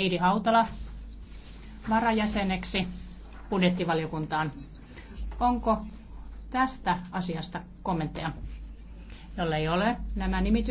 Heidi Hautala varajäseneksi budjettivaliokuntaan. Onko tästä asiasta kommentteja? Jolle ei ole, nämä nimitykset